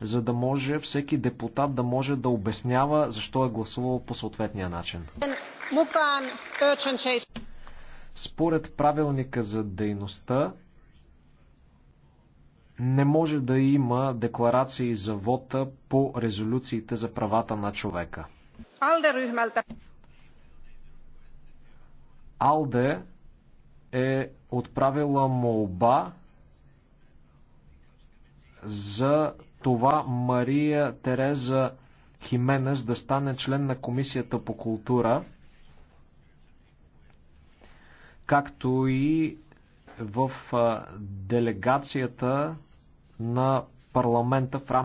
за да може всеки депутат да може да обяснява защо е гласувал по съответния начин. Според правилника за дейността не може да има декларации за вота по резолюциите за правата на човека. Алде е отправила молба за това Мария Тереза Хименес да стане член на Комисията по култура, както и в делегацията на парламента в рамките